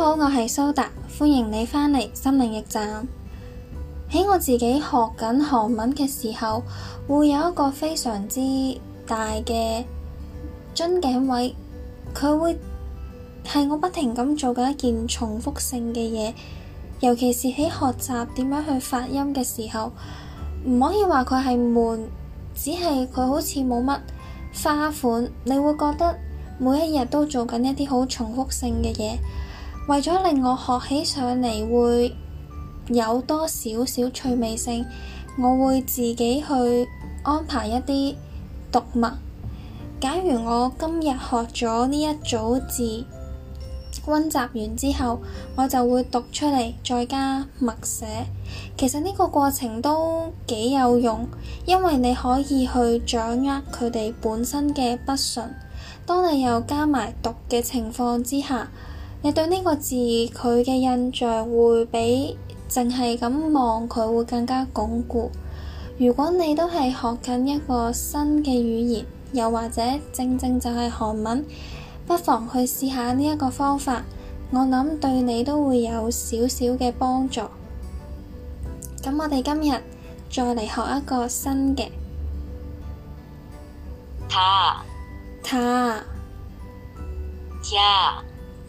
大家好，我係蘇達，歡迎你返嚟心靈驛站。喺我自己學緊韓文嘅時候，會有一個非常之大嘅樽頸位，佢會係我不停咁做緊一件重複性嘅嘢。尤其是喺學習點樣去發音嘅時候，唔可以話佢係悶，只係佢好似冇乜花款，你會覺得每一日都做緊一啲好重複性嘅嘢。為咗令我學起上嚟會有多少少趣味性，我會自己去安排一啲讀物。假如我今日學咗呢一組字，温習完之後，我就會讀出嚟，再加默寫。其實呢個過程都幾有用，因為你可以去掌握佢哋本身嘅筆順。當你又加埋讀嘅情況之下，你對呢個字佢嘅印象會比淨係咁望佢會更加鞏固。如果你都係學緊一個新嘅語言，又或者正正就係韓文，不妨去試下呢一個方法。我諗對你都會有少少嘅幫助。咁我哋今日再嚟學一個新嘅。他他呀。打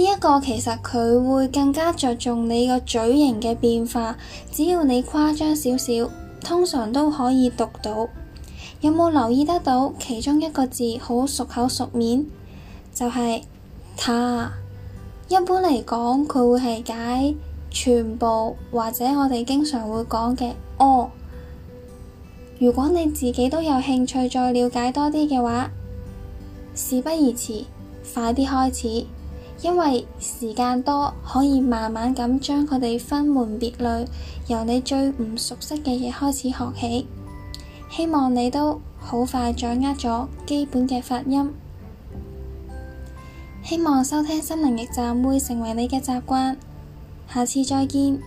呢一個其實佢會更加着重你個嘴型嘅變化，只要你誇張少少，通常都可以讀到。有冇留意得到其中一個字好熟口熟面？就係他？一般嚟講，佢會係解全部或者我哋經常會講嘅哦。如果你自己都有興趣再了解多啲嘅話，事不宜遲，快啲開始。因為時間多，可以慢慢咁將佢哋分門別類，由你最唔熟悉嘅嘢開始學起。希望你都好快掌握咗基本嘅發音。希望收聽《心靈驛站》會成為你嘅習慣。下次再見。